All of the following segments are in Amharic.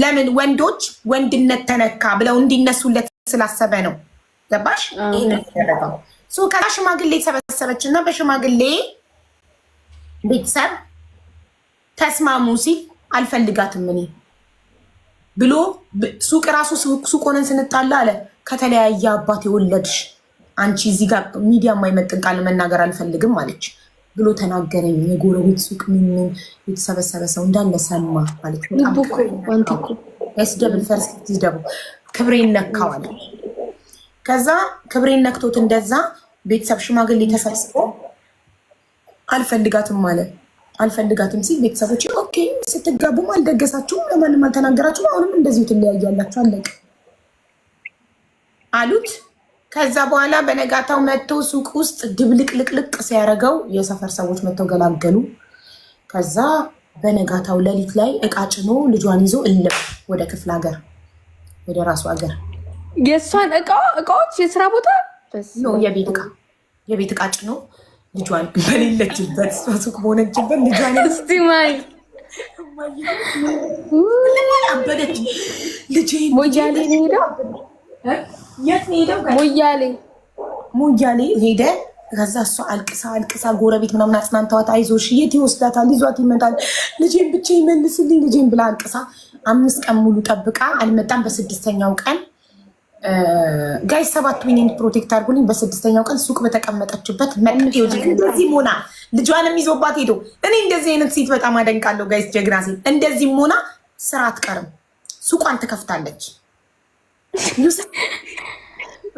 ለምን ወንዶች ወንድነት ተነካ ብለው እንዲነሱለት ስላሰበ ነው። ገባሽ? ይህን ከዛ ሽማግሌ ተሰበሰበች እና በሽማግሌ ቤተሰብ ተስማሙ ሲል አልፈልጋትም እኔ ብሎ ሱቅ ራሱ ሱቅ ሆነን ስንጣላ አለ ከተለያየ አባት የወለድሽ አንቺ እዚህ ጋር ሚዲያ የማይመጥን ቃል መናገር አልፈልግም አለች። ብሎ ተናገረኝ። የጎረቤት ሱቅ ምን የተሰበሰበ ሰው እንዳለ ሰማ ማለት ክብሬ ፈርስ ደቡ ክብሬን ነካዋል። ከዛ ክብሬን ነክቶት እንደዛ ቤተሰብ ሽማግሌ ተሰብስቦ አልፈልጋትም አለ። አልፈልጋትም ሲል ቤተሰቦች ኦኬ፣ ስትጋቡም አልደገሳችሁም፣ ለማንም አልተናገራችሁም፣ አሁንም እንደዚሁ ትለያያላችሁ አለቅ አሉት። ከዛ በኋላ በነጋታው መጥተው ሱቅ ውስጥ ድብልቅልቅልቅ ሲያደርገው የሰፈር ሰዎች መጥተው ገላገሉ። ከዛ በነጋታው ሌሊት ላይ እቃ ጭኖ ልጇን ይዞ እልም ወደ ክፍለ ሀገር ወደ ራሱ ሀገር የእሷን እቃ እቃዎች የስራ ቦታ የቤት እቃ የቤት እቃ ጭኖ ልጇን በሌለችበት ሱቅ በሆነችበት ልጇን ስቲማይ አበደች ልጄ ሞያሌ ሄዳ ሙያሌ ሙያሌ ሄደ። ከዛ እሷ አልቅሳ አልቅሳ ጎረቤት ምናምን አጽናንተዋት፣ አይዞሽ የት ይወስዳታል ይዟት ይመጣል ልጄን ብቻ ይመልስልኝ ልጄን ብላ አልቅሳ አምስት ቀን ሙሉ ጠብቃ አልመጣም። በስድስተኛው ቀን ጋይ ሰባት ዊኒንግ ፕሮቴክት አድርጉልኝ። በስድስተኛው ቀን ሱቅ በተቀመጠችበት እንደዚህ ሆና ልጇንም ይዞባት ሄዶ እኔ እንደዚህ አይነት ሴት በጣም አደንቃለሁ ጋይስ፣ ጀግና ሴት። እንደዚህም ሆና ስራ አትቀርም፣ ሱቋን ትከፍታለች።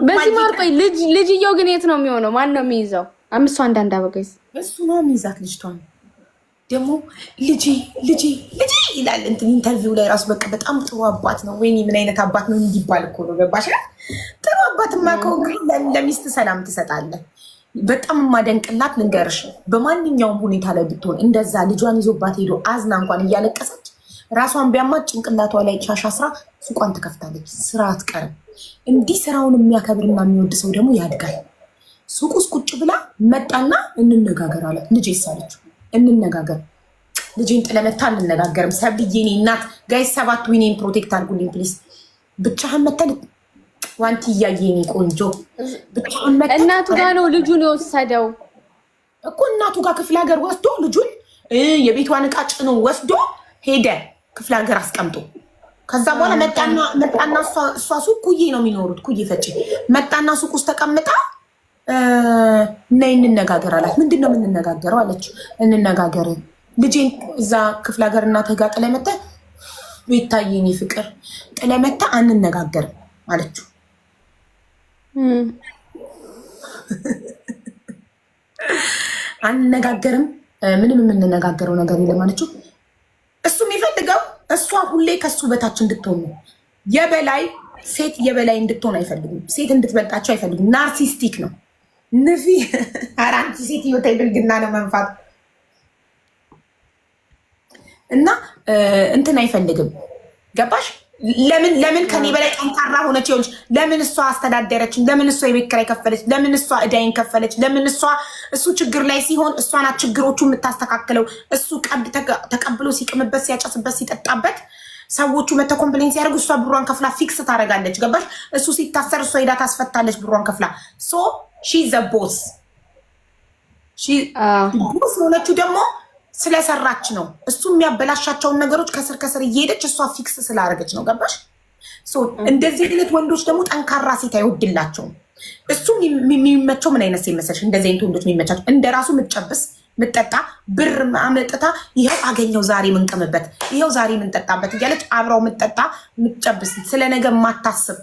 በዚህ ማር ቆይ ልጅየው ግን የት ነው የሚሆነው? ማን ነው የሚይዘው? አምስቷ አንዳንድ አበጋይዝ እሱ ነው የሚይዛት ልጅቷን ደግሞ ልጄ ልጄ ልጄ ይላል። እንትን ኢንተርቪው ላይ ራሱ በቃ በጣም ጥሩ አባት ነው። ወይኔ ምን አይነት አባት ነው እንዲባል እኮ ነው። ገባሽ? ጥሩ አባትማ ከሆንክ ለሚስት ሰላም ትሰጣለህ። በጣም የማደንቅላት ልንገርሽ፣ በማንኛውም ሁኔታ ላይ ብትሆን እንደዛ ልጇን ይዞባት ሄዶ አዝና እንኳን እያለቀሰች ራሷን ቢያማት ጭንቅላቷ ላይ ሻሻ ስራ ሱቋን ትከፍታለች። ስራ አትቀርም። እንዲህ ስራውን የሚያከብርና የሚወድ ሰው ደግሞ ያድጋል። ሱቅ ውስጥ ቁጭ ብላ መጣና እንነጋገር አለ። ልጅ ሳለችው እንነጋገር ልጅን ጥለመታ እንነጋገርም። ሰብዬ እኔ እናት ጋይ ሰባት ዊኔን ፕሮቴክት አድርጉልኝ ፕሊስ። ብቻህን መተን ዋንቲ እያየ ቆንጆ እናቱ ጋ ነው ልጁን የወሰደው እኮ እናቱ ጋር ክፍለ ሀገር ወስዶ ልጁን የቤቷን ዕቃ ጭኖ ወስዶ ሄደ። ክፍለ ሀገር አስቀምጦ ከዛ በኋላ መጣና እሷ ሱቅ ኩዬ ነው የሚኖሩት፣ ኩዬ ፈጭ መጣና ሱቅ ውስጥ ተቀምጣ ነይ እንነጋገር አላት። ምንድን ነው የምንነጋገረው አለችው። እንነጋገር ልጄን እዛ ክፍለ ሀገር እናትህ ጋር ጥለህ መተህ ቤታዬ የኔ ፍቅር ጥለህ መተህ አንነጋገርም አለችው። አንነጋገርም፣ ምንም የምንነጋገረው ነገር የለም አለችው። እሷ ሁሌ ከሱ በታች እንድትሆን ነው። የበላይ ሴት የበላይ እንድትሆን አይፈልጉም። ሴት እንድትበልጣቸው አይፈልጉም። ናርሲስቲክ ነው። ንፊ ኧረ ሴትዮ ተይ፣ ብልግና ነው መንፋት እና እንትን አይፈልግም። ገባሽ? ለምን ለምን ከኔ በላይ ጠንካራ ሆነች? ይኸውልሽ፣ ለምን እሷ አስተዳደረች? ለምን እሷ የቤት ኪራይ ከፈለች? ለምን እሷ እዳይን ከፈለች? ለምን እሷ እሱ ችግር ላይ ሲሆን እሷ ናት ችግሮቹ የምታስተካክለው። እሱ ቀብድ ተቀብሎ ሲቅምበት፣ ሲያጨስበት፣ ሲጠጣበት ሰዎቹ መተ ኮምፕሌን ሲያደርጉ እሷ ብሯን ከፍላ ፊክስ ታደርጋለች። ገባሽ? እሱ ሲታሰር እሷ ሄዳ ታስፈታለች ብሯን ከፍላ። ሶ ሺ ዘ ቦስ ቦስ ሆነችው ደግሞ ስለሰራች ነው። እሱ የሚያበላሻቸውን ነገሮች ከስር ከስር እየሄደች እሷ ፊክስ ስላደረገች ነው። ገባሽ? እንደዚህ አይነት ወንዶች ደግሞ ጠንካራ ሴት አይወድላቸውም። እሱ የሚመቸው ምን አይነት ሴት መሰለሽ? እንደዚህ አይነት ወንዶች የሚመቻቸው እንደ ራሱ ምጨብስ ምጠጣ ብር አመጥታ ይኸው አገኘው ዛሬ ምንቅምበት ይኸው ዛሬ ምንጠጣበት እያለች አብረው ምጠጣ ምጨብስ፣ ስለ ነገ ማታስብ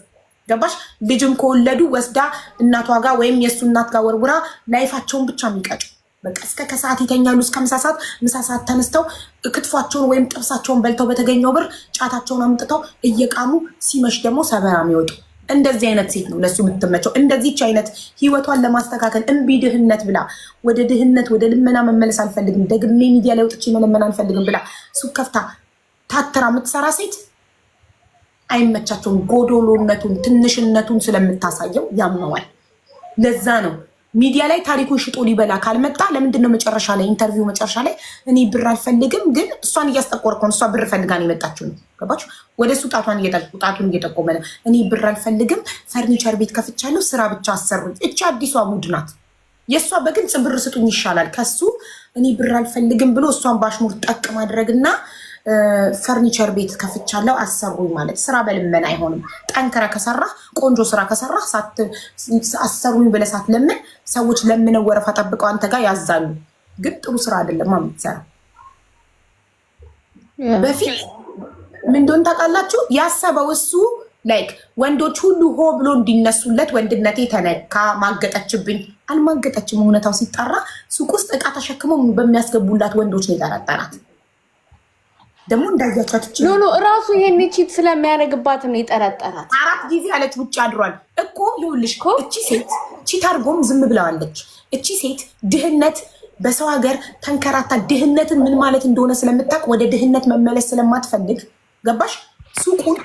ገባሽ? ልጅም ከወለዱ ወስዳ እናቷ ጋር ወይም የእሱ እናት ጋር ወርውራ ላይፋቸውን ብቻ የሚቀጩ በቃ እስከ ከሰዓት ይተኛሉ። እስከ ምሳ ሰዓት፣ ምሳ ሰዓት ተነስተው ክትፏቸውን ወይም ጥብሳቸውን በልተው በተገኘው ብር ጫታቸውን አምጥተው እየቃሙ ሲመሽ ደግሞ ሰበራ የሚወጡ እንደዚህ አይነት ሴት ነው ለሱ የምትመቸው። እንደዚች አይነት ህይወቷን ለማስተካከል እምቢ ድህነት ብላ ወደ ድህነት ወደ ልመና መመለስ አልፈልግም፣ ደግሜ ሚዲያ ላይ ወጥቼ መለመን አልፈልግም ብላ ሱ ከፍታ ታትራ የምትሰራ ሴት አይመቻቸውም። ጎዶሎነቱን ትንሽነቱን ስለምታሳየው ያምነዋል። ለዛ ነው ሚዲያ ላይ ታሪኩን ሽጦ ሊበላ ካልመጣ ለምንድን ነው መጨረሻ ላይ ኢንተርቪው መጨረሻ ላይ እኔ ብር አልፈልግም፣ ግን እሷን እያስጠቆርክ እሷ ብር ፈልጋን የመጣችው ነው። ገባችሁ? ወደ እሱ ጣቷን እየጠቆመ ነው። እኔ ብር አልፈልግም፣ ፈርኒቸር ቤት ከፍቻለሁ፣ ስራ ብቻ አሰሩኝ። እቺ አዲሷ ሙድ ናት። የእሷ በግልጽ ብር ስጡኝ ይሻላል ከሱ እኔ ብር አልፈልግም ብሎ እሷን ባሽሙር ጠቅ ማድረግና ፈርኒቸር ቤት ከፍቻለሁ አሰሩኝ ማለት ስራ በልመን አይሆንም። ጠንክረህ ከሰራ ቆንጆ ስራ ከሰራ አሰሩኝ ብለህ ለምን ሰዎች ለምነው ወረፋ ጠብቀው አንተ ጋር ያዛሉ። ግን ጥሩ ስራ አይደለም የምትሰራው። በፊት ምን እንደሆነ ታውቃላችሁ? ያሰበው እሱ ላይክ ወንዶች ሁሉ ሆ ብሎ እንዲነሱለት ወንድነቴ ተነካ፣ ማገጠችብኝ። አልማገጠችም። እውነታው ሲጠራ ሱቅ ውስጥ እቃ ተሸክመው በሚያስገቡላት ወንዶች ነው የጠረጠራት። ደግሞ እንዳያቻት ሎሎ እራሱ ይሄን ቺት ስለሚያደርግባት ነው የጠረጠራት። አራት ጊዜ አለች ውጭ አድሯል እኮ ይኸውልሽ፣ እቺ ሴት ቺት አድርጎም ዝም ብለዋለች። እቺ ሴት ድህነት በሰው ሀገር ተንከራታ ድህነትን ምን ማለት እንደሆነ ስለምታውቅ ወደ ድህነት መመለስ ስለማትፈልግ ገባሽ? ሱቁን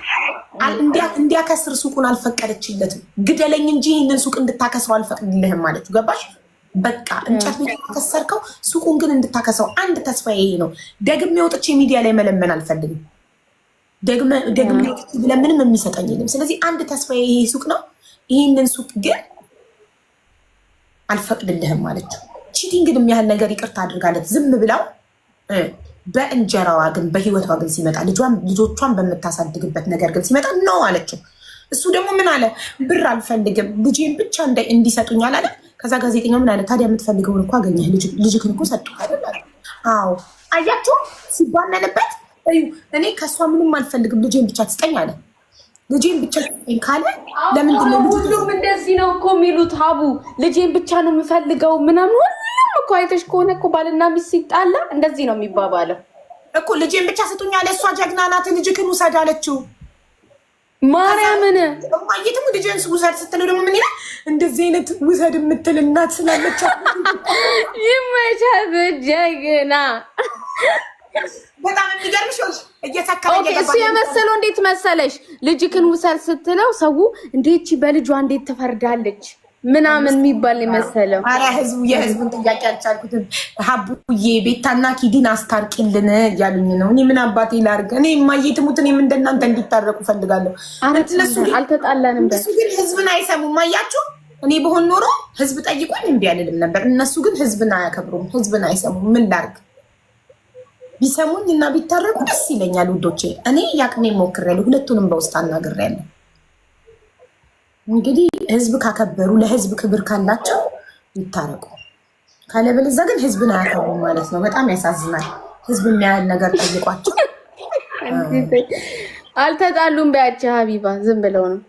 እንዲያከስር ሱቁን አልፈቀደችለትም። ግደለኝ እንጂ ይህንን ሱቅ እንድታከስረው አልፈቅድልህም ማለት ገባሽ? በቃ እንጨት ከሰርከው ሱቁን ግን እንድታከሰው አንድ ተስፋ ይሄ ነው። ደግሜ ወጥቼ ሚዲያ ላይ መለመን አልፈልግም። ደግሜ ወጥቼ ለምንም የሚሰጠኝ የለም። ስለዚህ አንድ ተስፋ ይሄ ሱቅ ነው። ይህንን ሱቅ ግን አልፈቅድልህም አለችው። ቺቲንግን የሚያህል ነገር ይቅርታ አድርጋለት ዝም ብለው በእንጀራዋ ግን በህይወቷ ግን ሲመጣ ልጆቿን በምታሳድግበት ነገር ግን ሲመጣ ነው አለችው። እሱ ደግሞ ምን አለ? ብር አልፈልግም ልጄን ብቻ እንዲሰጡኝ አላለም ከዛ ጋዜጠኛው ምን አለ ታዲያ የምትፈልገውን እኮ አገኘህ፣ ልጅክን እኮ ሰጡ አይደል? አዎ አያቸው ሲባነንበት እዩ እኔ ከእሷ ምንም አልፈልግም ልጄን ብቻ ትስጠኝ አለ። ልጄን ብቻ ትስጠኝ ካለ ለምንድነው? ሁሉም እንደዚህ ነው እኮ የሚሉት ሀቡ፣ ልጄን ብቻ ነው የምፈልገው ምናምን። ሁሉም እኮ አይተሽ ከሆነ እኮ ባልና ሚስት ሲጣላ እንደዚህ ነው የሚባባለው እኮ። ልጄን ብቻ ስጡኝ አለ። እሷ ጀግና ናት፣ ልጅክን ውሰድ አለችው። ማርያምን እማየትም ልጅን ውሰድ ስትለው ደግሞ ምን ይላል? እንደዚህ አይነት ውሰድ የምትል እናት ስላለች ይመቻት። ጀግና በጣም የሚገርምሽ እሱ የመሰለው እንዴት መሰለሽ፣ ልጅክን ውሰድ ስትለው ሰው እንዴች በልጇ እንዴት ትፈርዳለች ምናምን የሚባል የመሰለው ኧረ ህዝቡ የህዝቡን ጥያቄ አልቻልኩትም። ሀቡዬ ቤታና ኪዲን አስታርቂልን እያሉኝ ነው። እኔ ምን አባቴ ላርግ እኔ እማዬ ትሙት፣ እኔም እንደናንተ እንዲታረቁ ፈልጋለሁ። አልተጣላንም። እሱ ግን ህዝብን አይሰሙም። አያችሁ፣ እኔ በሆን ኖሮ ህዝብ ጠይቆኝ እምቢ አልልም ነበር። እነሱ ግን ህዝብን አያከብሩም፣ ህዝብን አይሰሙም። ምን ላርግ? ቢሰሙኝ እና ቢታረቁ ደስ ይለኛል። ውዶቼ፣ እኔ ያቅሜ ሞክሬያለሁ። ሁለቱንም በውስጥ አናግሬያለሁ። እንግዲህ ህዝብ ካከበሩ ለህዝብ ክብር ካላቸው ይታረቁ። ካለበለዚያ ግን ህዝብን አያከቡ ማለት ነው። በጣም ያሳዝናል። ህዝብ የሚያህል ነገር ጠይቋቸው። አልተጣሉም ቢያቸው ሀቢባ ዝም ብለው ነው።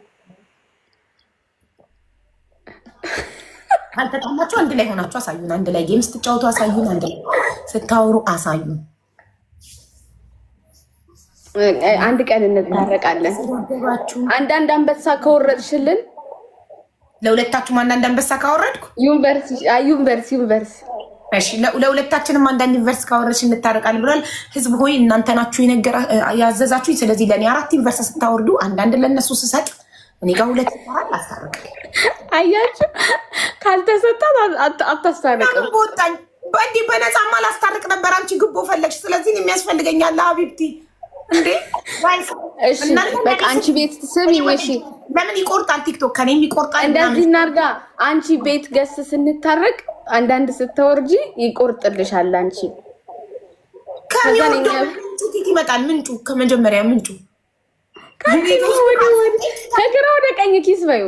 ካልተጣላችሁ አንድ ላይ ሆናችሁ አሳዩን። አንድ ላይ ጌም ስትጫወቱ አሳዩን። አንድ ላይ ስታወሩ አሳዩን። አንድ ቀን እንታረቃለን። አንዳንድ አንበሳ ከወረድሽልን ለሁለታችሁም አንዳንድ አንበሳ ካወረድኩ ዩኒቨርስ ዩኒቨርስ እሺ ለሁለታችንም አንዳንድ ዩኒቨርስ ካወረድሽ እንታረቃለን ብሏል። ህዝብ ሆይ እናንተ ናችሁ ያዘዛችሁኝ። ስለዚህ ለእኔ አራት ዩኒቨርስ ስታወርዱ አንዳንድ ለእነሱ ስሰጥ እኔ ጋር ሁለት ይባል አስታርቅ። አያችሁ ካልተሰጣት አታስታርቅም። በወጣኝ በእንዲህ በነፃማ ላስታርቅ ነበር አንቺ ግቦ ፈለግሽ። ስለዚህ የሚያስፈልገኛለ ሀቢብቲ እንዴ እሺ በቃ አንቺ ቤት ስሚ። ይመሽ። ለምን ይቆርጣል? ቲክቶክ ከኔ የሚቆርጣል። እንደዚህ እናርጋ። አንቺ ቤት ገስ ስንታረቅ አንዳንድ ስተወርጂ ይቆርጥልሻል። አንቺ ይመጣል። ምንጩ ከመጀመሪያ ምንጩ ከግራ ወደ ቀኝ ኪስ በዩ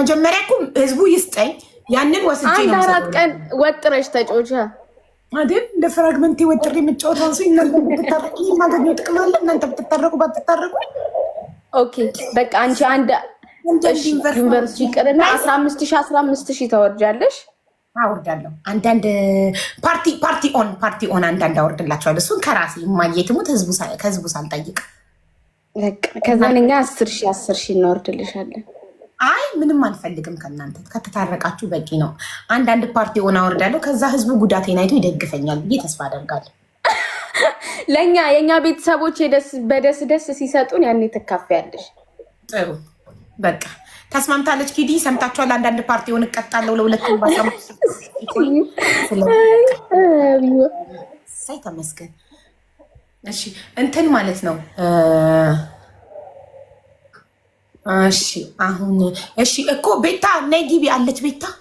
መጀመሪያ እኮ ህዝቡ ይስጠኝ፣ ያንን ወስጄ ነው። አንድ አራት ቀን ወጥረሽ ተጮቻ አይደል ለፍራግመንት ወጥር የምጫወት ሰው እናንተ ብትታረቁ የማገኘው ጥቅም አለ። እናንተ ብትታረቁ ባትታረቁ፣ ኦኬ በቃ አንቺ አንድ ዩኒቨርሲቲ ይቅርና አስራ አምስት ሺ አስራ አምስት ሺ ተወርጃለሽ። አወርዳለሁ። አንዳንድ ፓርቲ ፓርቲ ኦን ፓርቲ ኦን አንዳንድ አወርድላቸዋለሁ። እሱን ከራሴ የማየት ሙት ከህዝቡ ሳልጠይቅ ከዛንኛ አስር ሺ አስር ሺ እናወርድልሻለን። አይ ምንም አልፈልግም ከእናንተ ከተታረቃችሁ በቂ ነው። አንዳንድ ፓርቲ ሆና ወርዳለሁ፣ ከዛ ህዝቡ ጉዳቴን አይቶ ይደግፈኛል ብዬ ተስፋ አደርጋለሁ። ለእኛ የእኛ ቤተሰቦች በደስ ደስ ሲሰጡን ያኔ ትካፊያለሽ። ጥሩ በቃ ተስማምታለች። ኪዲ ሰምታችኋል። አንዳንድ ፓርቲ ሆን እቀጣለሁ ለሁለት ባሳይ ተመስገን። እሺ እንትን ማለት ነው እሺ አሁን እሺ እኮ ቤታ ነይ ግቢ አለች ቤታ